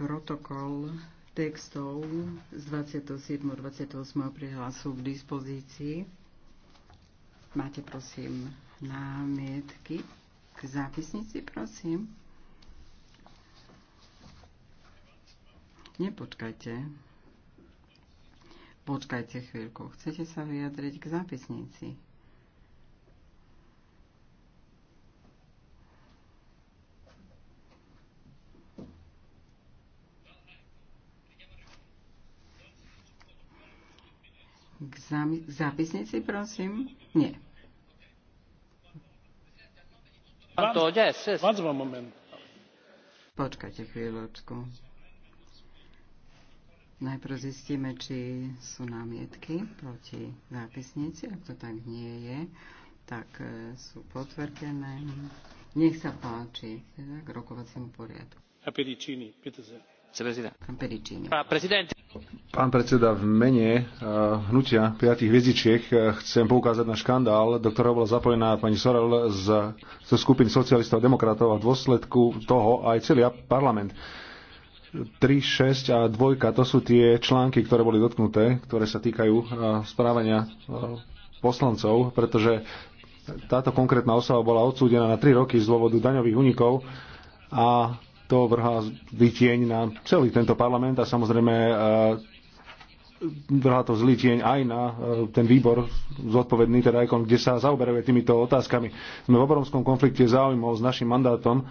protokol textov z 27. a 28. apríla sú k dispozícii. Máte prosím námietky k zápisnici, prosím. Nepočkajte. Počkajte chvíľku. Chcete sa vyjadriť k zápisnici? K zápisnici, prosím? Nie. Počkajte chvíľočku. Najprv zistíme, či sú námietky proti zápisnici. Ak to tak nie je, tak e, sú potvrdené. Nech sa páči, teda k rokovaciemu poriadku. Pán prezident. Pán predseda, v mene eh, hnutia piatých hviezdičiek eh, chcem poukázať na škandál, do ktorého bola zapojená pani Sorel z, z skupiny socialistov a demokratov a v dôsledku toho aj celý parlament. 3, 6 a 2 to sú tie články, ktoré boli dotknuté, ktoré sa týkajú eh, správania poslancov, pretože táto konkrétna osoba bola odsúdená na 3 roky z dôvodu daňových únikov a to vrhá vytieň na celý tento parlament a samozrejme vrhá to zlý tieň aj na e, ten výbor zodpovedný, teda ICON, kde sa zaoberajú týmito otázkami. Sme v obrovskom konflikte záujmov s našim mandátom, e,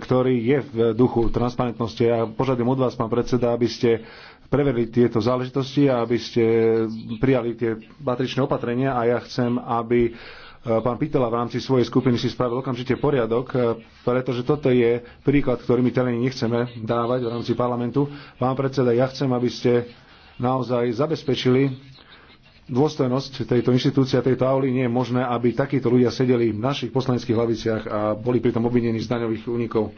ktorý je v duchu transparentnosti. Ja požadujem od vás, pán predseda, aby ste preverili tieto záležitosti a aby ste prijali tie patričné opatrenia a ja chcem, aby e, pán Pitela v rámci svojej skupiny si spravil okamžite poriadok, pretože toto je príklad, ktorý my telení nechceme dávať v rámci parlamentu. Pán predseda, ja chcem, aby ste naozaj zabezpečili dôstojnosť tejto inštitúcie a tejto auly nie je možné, aby takíto ľudia sedeli v našich poslaneckých hlaviciach a boli pritom obvinení z daňových únikov.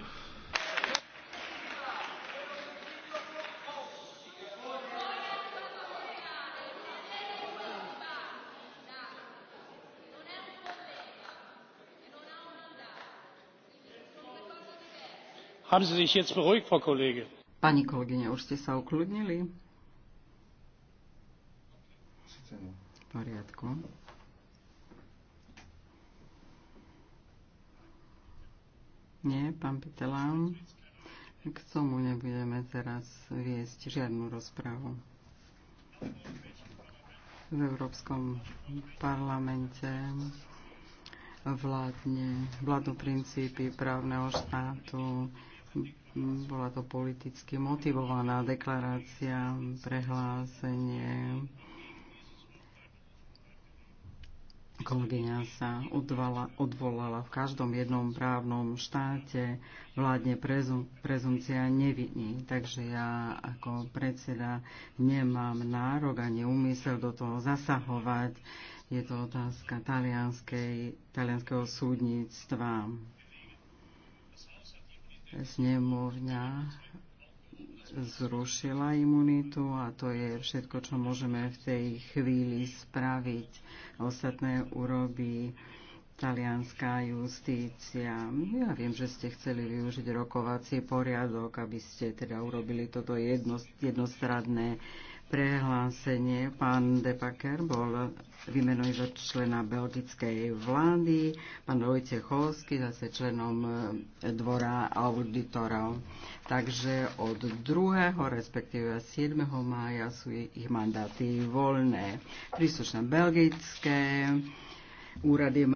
Pani kolegyne, už ste sa ukludnili? cenu. V poriadku. Nie, pán Pitelán. K tomu nebudeme teraz viesť žiadnu rozpravu. V Európskom parlamente vládne, vládnu princípy právneho štátu. Bola to politicky motivovaná deklarácia, prehlásenie Kolegyňa sa odvala, odvolala v každom jednom právnom štáte, vládne prezum, prezumcia neviní. Takže ja ako predseda nemám nárok ani úmysel do toho zasahovať. Je to otázka talianského súdnictva. Snemovňa zrušila imunitu a to je všetko, čo môžeme v tej chvíli spraviť. Ostatné urobí talianská justícia. Ja viem, že ste chceli využiť rokovací poriadok, aby ste teda urobili toto jedno, jednostradné prehlásenie. Pán De Packer bol vymenovaný za člena belgickej vlády, pán Vojtech Cholsky zase členom eh, dvora auditorov. Takže od 2. respektíve 7. mája sú ich mandáty voľné. Príslušné belgické úrady